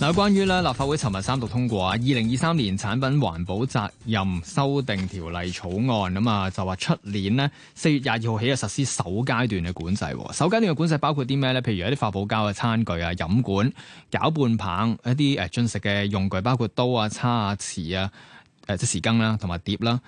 嗱，關於咧立法會尋日三讀通過啊，二零二三年產品環保責任修訂條例草案咁啊，就話出年咧四月廿二號起啊實施首階段嘅管制，首階段嘅管制包括啲咩咧？譬如一啲發泡膠嘅餐具啊、飲管、攪拌棒、一啲誒進食嘅用具，包括刀啊、叉啊、匙啊、誒即匙羹啦，同埋碟啦。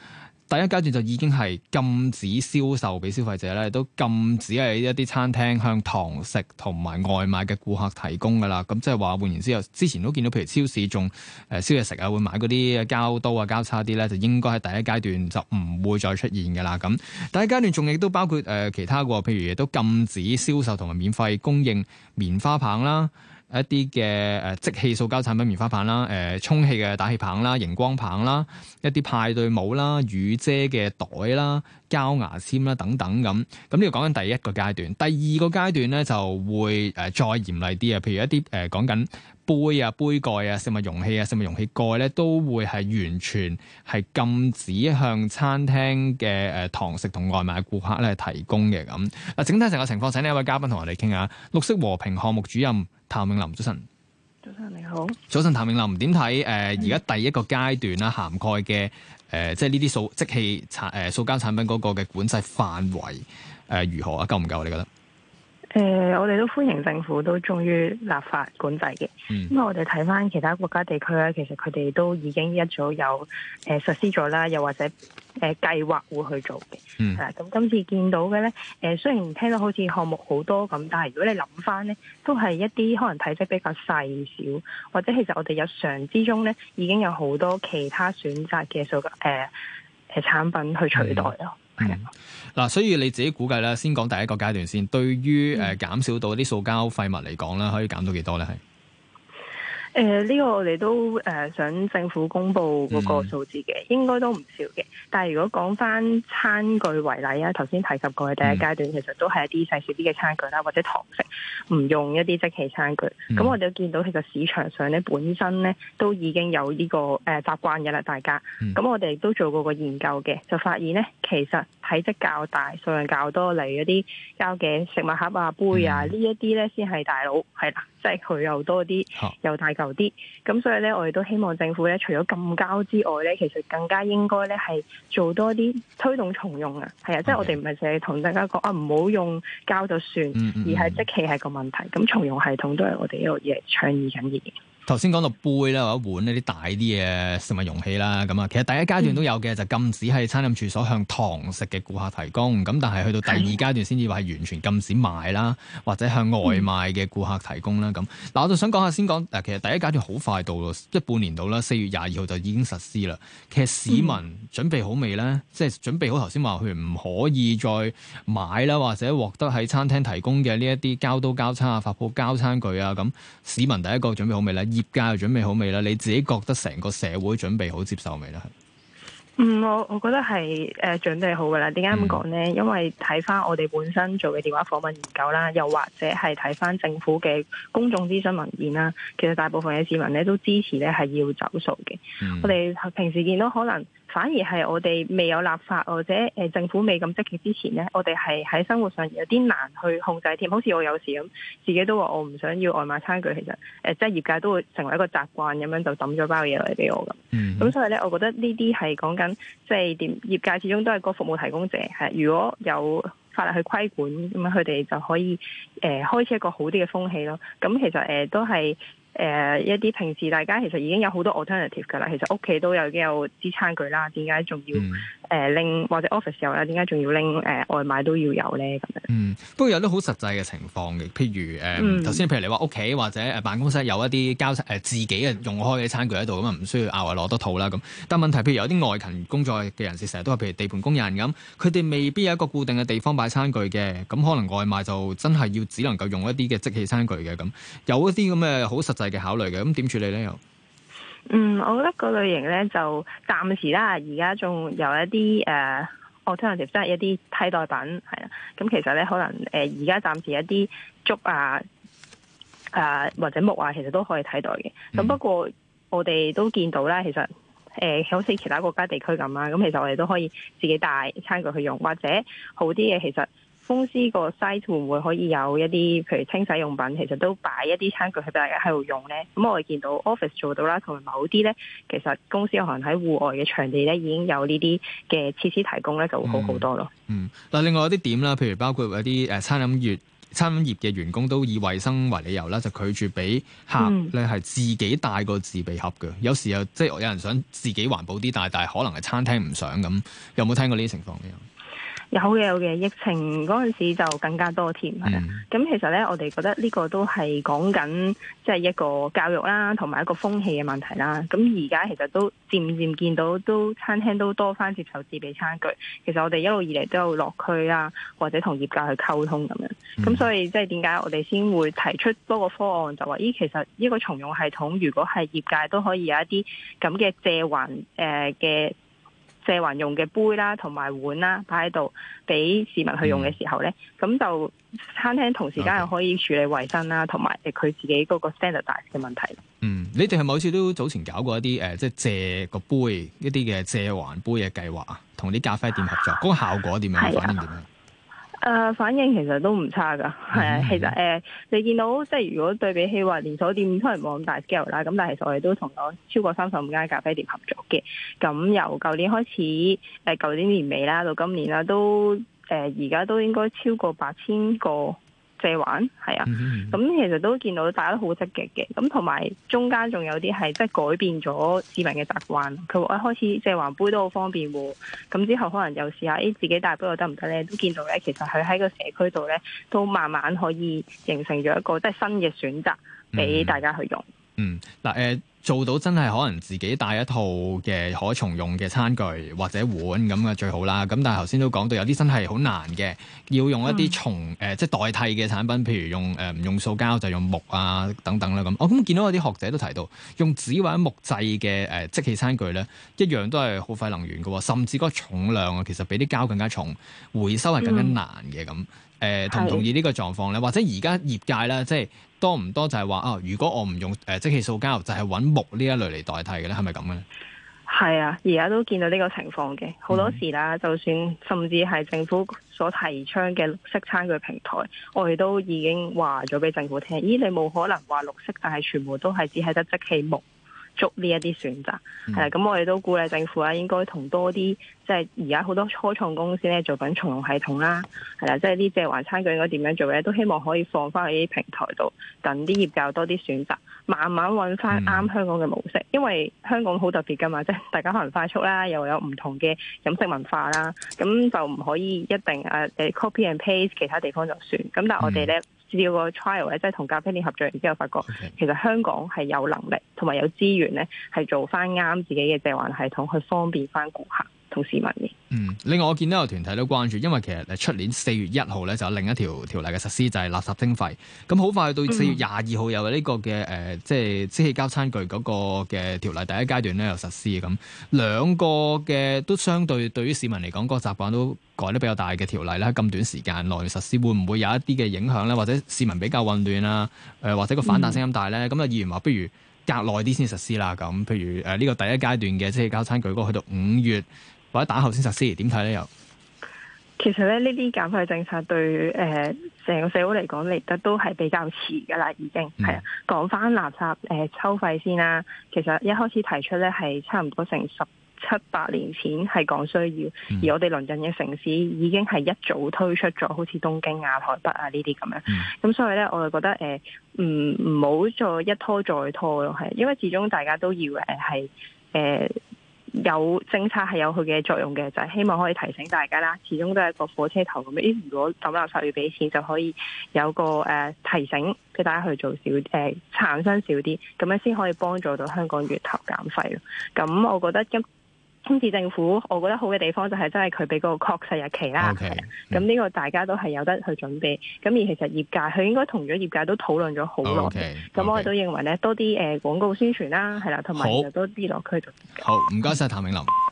第一階段就已經係禁止銷售俾消費者咧，都禁止係一啲餐廳向堂食同埋外賣嘅顧客提供噶啦。咁即係話換言之後，又之前都見到，譬如超市仲誒燒嘢食啊，會買嗰啲膠刀啊、膠叉啲咧，就應該喺第一階段就唔會再出現嘅啦。咁第一階段仲亦都包括誒、呃、其他喎，譬如亦都禁止銷售同埋免費供應棉花棒啦。一啲嘅誒即棄塑膠產品、棉花棒啦、誒、呃、充氣嘅打氣棒啦、熒光棒啦、一啲派對帽啦、雨遮嘅袋啦。膠牙籤啦，等等咁，咁呢個講緊第一個階段。第二個階段咧，就會誒再嚴厲啲啊，譬如一啲誒講緊杯啊、杯蓋啊、食物容器啊、食物容器蓋咧，都會係完全係禁止向餐廳嘅誒堂食同外賣顧客咧提供嘅咁。嗱，整體成個情況，請呢一位嘉賓同我哋傾下，綠色和平項目主任譚穎琳，早晨。早晨你好，早晨譚穎琳，點睇誒而家第一個階段啦涵蓋嘅？誒、呃，即係呢啲塑即棄產誒，塑、呃、膠產品嗰個嘅管制範圍誒如何啊？夠唔夠你覺得？誒，我哋都歡迎政府都終於立法管制嘅。咁啊，我哋睇翻其他國家地區咧，其實佢哋都已經一早有誒、呃、實施咗啦，又或者誒、呃、計劃會去做嘅。係啦，咁、嗯啊、今次見到嘅咧，誒、呃、雖然聽到好似項目好多咁，但係如果你諗翻咧，都係一啲可能體積比較細小，或者其實我哋日常之中咧已經有好多其他選擇嘅數誒誒、呃、產品去取代咯。嗯，嗱，所以你自己估計咧，先講第一個階段先。對於誒減少到啲塑膠廢物嚟講咧，可以減到幾多咧？係。誒，呢、呃這個我哋都誒想政府公布嗰個數字嘅，mm hmm. 應該都唔少嘅。但係如果講翻餐具為例啊，頭先提及過嘅第一階段，mm hmm. 其實都係一啲細小啲嘅餐具啦，或者堂食唔用一啲即棄餐具。咁、mm hmm. 我哋都見到其實市場上咧本身咧都已經有呢、這個誒習慣嘅啦，大家。咁、mm hmm. 我哋都做過個研究嘅，就發現咧，其實體積較大、數量較多，例如一啲膠嘅食物盒啊、杯啊，呢一啲咧先係大佬，係啦。即係佢又多啲，又大嚿啲，咁所以咧，我哋都希望政府咧，除咗禁膠之外咧，其實更加應該咧係做多啲推動重用啊，係啊，Okay. 即係我哋唔係淨係同大家講啊，唔好用膠就算，而係即棄係個問題，咁、嗯、重用系統都係我哋一個嘢倡議緊嘅。頭先講到杯啦，或者碗呢啲大啲嘅食物容器啦，咁啊，其實第一階段都有嘅，嗯、就禁止喺餐飲處所向堂食嘅顧客提供，咁但係去到第二階段先至話係完全禁止賣啦，或者向外賣嘅顧客提供啦，咁嗱、嗯，我就想講下先講，嗱，其實第一階段好快到，即係半年到啦，四月廿二號就已經實施啦。其實市民準備好未呢？即係、嗯、準備好頭先話佢唔可以再買啦，或者獲得喺餐廳提供嘅呢一啲膠刀膠叉啊、發泡膠餐具啊，咁市民第一個準備好未呢？業界係準備好未啦？你自己覺得成個社會準備好接受未啦？嗯，我我覺得係誒、呃、準備好噶啦。點解咁講呢？因為睇翻我哋本身做嘅電話訪問研究啦，又或者係睇翻政府嘅公眾諮詢文件啦。其實大部分嘅市民咧都支持咧係要走塑嘅。嗯、我哋平時見到可能。反而係我哋未有立法或者誒，政府未咁積極之前呢，我哋係喺生活上有啲難去控制添。好似我有時咁，自己都話我唔想要外賣餐具，其實誒、呃、即係業界都會成為一個習慣咁樣，就抌咗包嘢嚟畀我咁。咁、mm hmm. 嗯、所以呢，我覺得呢啲係講緊即係業業界始終都係個服務提供者，係如果有法律去規管咁樣，佢哋就可以誒、呃、開始一個好啲嘅風氣咯。咁、嗯、其實誒、呃、都係。誒、呃、一啲平時大家其實已經有好多 alternative 㗎啦，其實屋企都有已經有支餐具啦，點解仲要？嗯誒拎或者 office 有啦，點解仲要拎誒外賣都要有咧？咁樣，嗯，不過有啲好實際嘅情況嘅，譬如誒頭先，譬如你話屋企或者誒辦公室有一啲交誒、呃、自己嘅用開嘅餐具喺度，咁啊唔需要額外攞多套啦。咁但問題，譬如有啲外勤工作嘅人士，成日都話，譬如地盤工人咁，佢哋未必有一個固定嘅地方擺餐具嘅，咁可能外賣就真係要只能夠用一啲嘅即棄餐具嘅。咁有一啲咁嘅好實際嘅考慮嘅，咁點處理咧？又？嗯，我覺得個類型咧就暫時啦，而家仲有一啲誒，alternative 即係一啲替代品，係啦。咁其實咧，可能誒而家暫時一啲竹啊，誒、啊、或者木啊，其實都可以替代嘅。咁、嗯、不過我哋都見到啦，其實誒、呃、好似其他國家地區咁啊，咁其實我哋都可以自己帶餐具去用，或者好啲嘅其實。公司個 site 會唔會可以有一啲，譬如清洗用品，其實都擺一啲餐具俾大家喺度用咧？咁我哋見到 office 做到啦，同埋某啲咧，其實公司可能喺戶外嘅場地咧，已經有呢啲嘅設施提供咧，就會好好多咯。嗯，嗱，另外有啲點啦，譬如包括一啲誒、呃、餐飲業、餐飲業嘅員工都以衞生為理由啦，就拒絕俾客咧係、嗯、自己帶個自備盒嘅。有時又即係有人想自己環保啲帶，但係可能係餐廳唔想咁。有冇聽過呢啲情況？有嘅有嘅，疫情嗰陣時就更加多添。係啊，咁、嗯、其實咧，我哋覺得呢個都係講緊即係一個教育啦，同埋一個風氣嘅問題啦。咁而家其實都漸漸見到都餐廳都多翻接受自備餐具。其實我哋一路以嚟都有落區啊，或者同業界去溝通咁樣，咁、嗯、所以即係點解我哋先會提出多個方案，就話咦其實呢個重用系統如果係業界都可以有一啲咁嘅借還誒嘅。呃借還用嘅杯啦，同埋碗啦，擺喺度俾市民去用嘅時候咧，咁、嗯、就餐廳同時間又可以處理衛生啦，同埋誒佢自己嗰個 standard 嘅問題。嗯，你哋係咪好似都早前搞過一啲誒，即係借個杯一啲嘅借還杯嘅計劃啊，同啲咖啡店合作，嗰、啊、個效果點樣，啊、反應點樣？哎誒、uh, 反應其實都唔差㗎，係啊， 其實誒、呃、你見到即係如果對比起話連鎖店可能冇咁大 scale 啦，咁但係其實我哋都同咗超過三十五間咖啡店合作嘅，咁由舊年開始誒舊、呃、年年尾啦，到今年啦都誒而家都應該超過八千個。借還係啊，咁 其實都見到大家都好積極嘅，咁同埋中間仲有啲係即係改變咗市民嘅習慣，佢話一開始借還杯都好方便喎，咁之後可能又試下誒自己帶杯又得唔得咧？都見到咧，其實佢喺個社區度咧都慢慢可以形成咗一個即係新嘅選擇俾大家去用。嗯，嗱、嗯、誒。做到真係可能自己帶一套嘅可重用嘅餐具或者碗咁嘅最好啦。咁但係頭先都講到有啲真係好難嘅，要用一啲重誒即係代替嘅產品，譬如用誒唔用塑膠就用木啊等等啦咁。哦，我見到有啲學者都提到用紙或者木製嘅誒即棄餐具呢，一樣都係好費能源嘅，甚至嗰個重量啊，其實比啲膠更加重，回收係更加難嘅咁。誒同唔同意呢個狀況呢？或者而家業界咧，即係多唔多就係話啊？如果我唔用誒即棄塑膠，就係揾呢一類嚟代替嘅咧，係咪咁嘅咧？係啊，而家都見到呢個情況嘅，好多時啦，mm hmm. 就算甚至係政府所提倡嘅綠色餐具平台，我哋都已經話咗俾政府聽，咦，你冇可能話綠色，但係全部都係只係得即棄木竹呢一啲選擇，係啦、mm，咁、hmm. 啊、我哋都鼓勵政府啊，應該同多啲即係而家好多初創公司咧做緊重用系統啦、啊，係啦、啊，即係呢隻環餐具應該點樣做咧，都希望可以放翻喺啲平台度，等啲業界有多啲選擇。慢慢揾翻啱香港嘅模式，因為香港好特別㗎嘛，即係大家可能快速啦，又有唔同嘅飲食文化啦，咁就唔可以一定誒誒、uh, copy and paste 其他地方就算。咁但係我哋咧試個 trial 咧，即係同咖啡店合作，然之後發覺 Okay. 其實香港係有能力同埋有資源咧，係做翻啱自己嘅借還系統，去方便翻顧客同市民嘅。嗯、另外我見到有團體都關注，因為其實出年四月一號咧就有另一條條例嘅實施，就係、是、垃圾徵費。咁好快到四月廿二號，有呢個嘅誒，即係即棄膠餐具嗰個嘅條例第一階段咧又實施咁。兩個嘅都相對對於市民嚟講，個習慣都改得比較大嘅條例咧。咁短時間內實施，會唔會有一啲嘅影響咧？或者市民比較混亂啊？誒、呃，或者個反彈聲音大咧？咁啊、嗯，就議員話不如隔耐啲先實施啦。咁譬如誒呢、呃呃這個第一階段嘅即棄膠餐具嗰去到五月。或者打後先實施，點睇咧？又其實咧，呢啲減廢政策對誒成、呃、個社會嚟講嚟得都係比較遲噶啦，已經係啊、嗯。講返垃圾誒收費先啦，其實一開始提出咧係差唔多成十七八年前係講需要，嗯、而我哋鄰近嘅城市已經係一早推出咗，好似東京啊、台北啊呢啲咁樣。咁、嗯嗯、所以咧，我就覺得誒，唔唔好再一拖再拖咯，係因為始終大家都以為誒係誒。呃呃有政策係有佢嘅作用嘅，就係、是、希望可以提醒大家啦。始終都係個火車頭咁樣，如果揼垃圾要俾錢就可以有個誒、呃、提醒，俾大家去做少誒、呃、產生少啲，咁樣先可以幫助到香港源頭減廢。咁、嗯、我覺得咁。今次政府，我覺得好嘅地方就係真係佢俾個確實日期啦。咁呢個大家都係有得去準備。咁而其實業界，佢應該同咗業界都討論咗好耐。咁 Okay, okay, 我哋都認為咧，多啲誒、呃、廣告宣傳啦，係啦，同埋又多啲落區。好，唔該晒，謝謝譚穎琳。